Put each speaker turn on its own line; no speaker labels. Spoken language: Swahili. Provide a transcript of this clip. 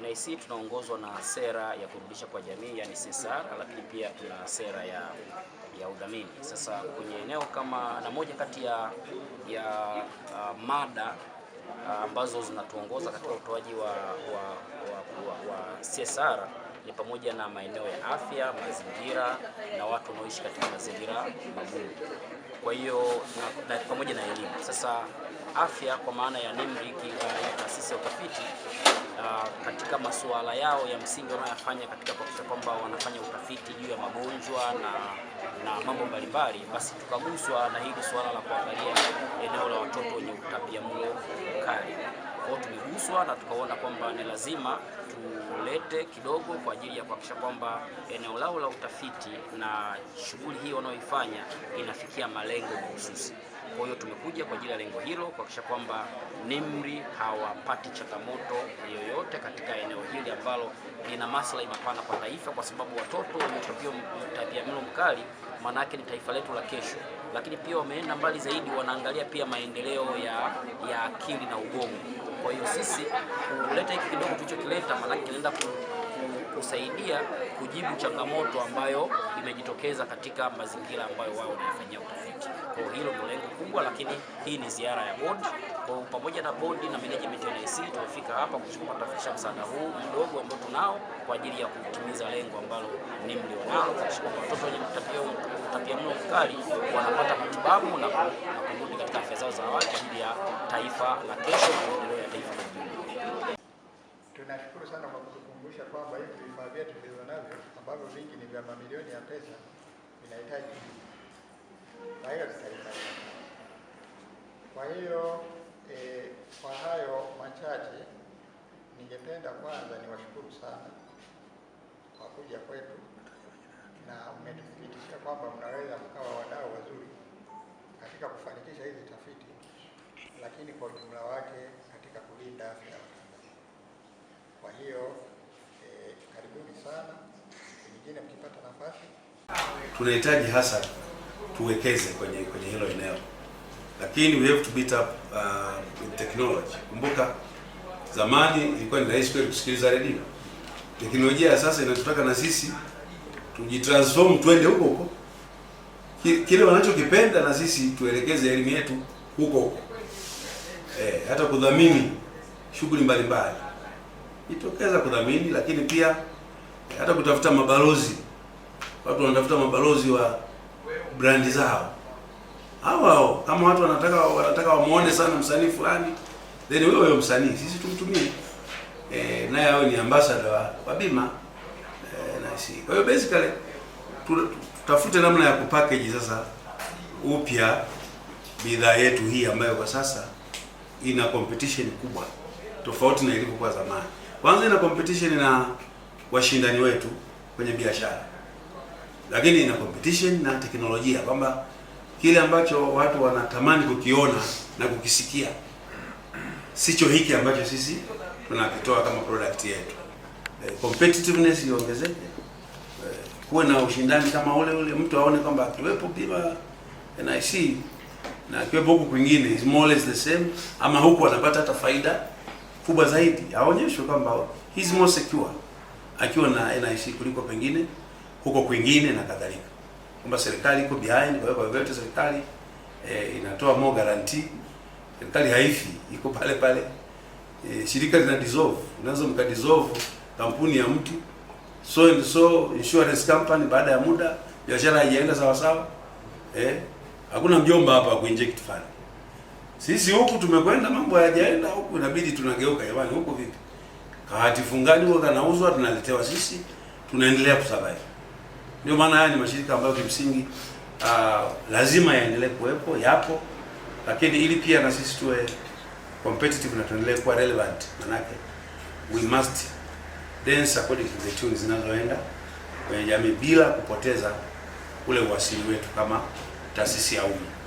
NIC tunaongozwa na sera ya kurudisha kwa jamii yani CSR, lakini pia tuna sera ya, ya udhamini. Sasa kwenye eneo kama na moja kati ya, ya uh, mada ambazo uh, zinatuongoza katika utoaji wa, wa, wa, wa, wa CSR ni pamoja na maeneo ya afya, mazingira na watu wanaoishi katika mazingira magumu kwa hiyo na pamoja na elimu. Sasa afya kwa maana ya NIMRIC ya taasisi ya utafiti uh, katika masuala yao ya msingi wanayofanya katika kuhakikisha kwamba wanafanya utafiti juu ya magonjwa na, na mambo mbalimbali, basi tukaguswa na hili suala la kuangalia eneo la watoto wenye utapiamlo kali tumeguswa na tukaona kwamba ni lazima tulete kidogo kwa ajili ya kuhakikisha kwamba eneo lao la utafiti na shughuli hii wanaoifanya inafikia malengo mahususi. Kwa hiyo tumekuja kwa ajili ya lengo hilo kuhakikisha kwamba NIMR hawapati changamoto yoyote katika eneo hili ambalo lina maslahi mapana kwa taifa, kwa sababu watoto wenye utapiamlo mkali maanake ni taifa letu la kesho, lakini pia wameenda mbali zaidi, wanaangalia pia maendeleo ya, ya akili na ubongo. Kwa hiyo sisi kuleta hiki kidogo tulichokileta, maanake kinaenda kusaidia kujibu changamoto ambayo imejitokeza katika mazingira ambayo wao wanafanyia utafiti. Kwa hilo ndio lengo kubwa, lakini hii ni ziara ya bodi kwa pamoja na bodi na management ya NIC tumefika hapa kuchukua tafisha msaada huu mdogo ambao tunao kwa ajili ya kutimiza lengo ambalo ni mlionalo kwa watoto wenye mapigano vikali wanapata matibabu na kurudi katika afya zao za awali kwa ajili ya taifa la kesho na maendeleo ya taifa.
Tunashukuru sana kwa kutukumbusha kwamba hivi vifaa vyetu vilivyo navyo ambavyo vingi ni vya mamilioni ya pesa vinahitaji aia kitaifa. Kwa hiyo eh, kwa hayo machache ningependa kwanza niwashukuru sana kwa kuja kwetu na mmethibitisha kwamba mnaweza mkawa wadau wazuri katika kufanikisha hizi tafiti, lakini kwa ujumla wake katika kulinda afya ya Watanzania. Kwa hiyo eh, karibuni sana, nyingine mkipata nafasi.
Tunahitaji hasa tuwekeze kwenye kwenye hilo eneo, lakini we have to beat up uh, with technology. Kumbuka zamani ilikuwa ni rahisi kweli kusikiliza redio, teknolojia ya sasa inatutaka na sisi tujitransform twende huko huko, kile wanachokipenda na sisi tuelekeze elimu yetu huko huko. E, hata kudhamini shughuli mbalimbali itokeza kudhamini, lakini pia eh, hata kutafuta mabalozi. Watu wanatafuta mabalozi wa brandi zao hawa hao. Kama watu wanataka wanataka wamuone sana msanii fulani, then wewe msanii, sisi tumtumie eh, naye awe ni ambassador wa, wa bima. RTC. Kwa hiyo basically tutafute namna ya kupackage sasa upya bidhaa yetu hii ambayo kwa sasa ina competition kubwa tofauti na ilivyokuwa zamani. Kwanza ina competition na washindani wetu kwenye biashara, lakini ina competition na teknolojia, kwamba kile ambacho watu wanatamani kukiona na kukisikia sicho hiki ambacho sisi tunakitoa kama product yetu eh, competitiveness iongezeke, eh, kuwe na ushindani kama ule ule, mtu aone kwamba akiwepo bila NIC na akiwepo huku kwingine is more or less the same, ama huku anapata hata faida kubwa zaidi, aonyeshwe kwamba he is more secure akiwa na NIC kuliko pengine huko kwingine na kadhalika, kwamba serikali iko behind. Kwa hiyo yote serikali eh, inatoa more guarantee, serikali haifi, iko pale pale. Eh, shirika lina dissolve, unaweza mka dissolve kampuni ya mtu so and so insurance company. Baada ya muda biashara haijaenda sawa sawa, eh, hakuna mjomba hapa kuinject fund. Sisi huku tumekwenda mambo hayajaenda huku, inabidi tunageuka. Jamani, huku vipi? Kahati fungani huko kanauzwa, tunaletewa sisi, tunaendelea kusurvive. Ndio maana haya ni mashirika ambayo kimsingi uh, lazima yaendelee kuwepo, yapo, lakini ili pia na sisi tuwe competitive na tuendelee kuwa relevant, manake we must to the tune zinazoenda kwenye jamii bila kupoteza ule uasili wetu kama taasisi ya umma.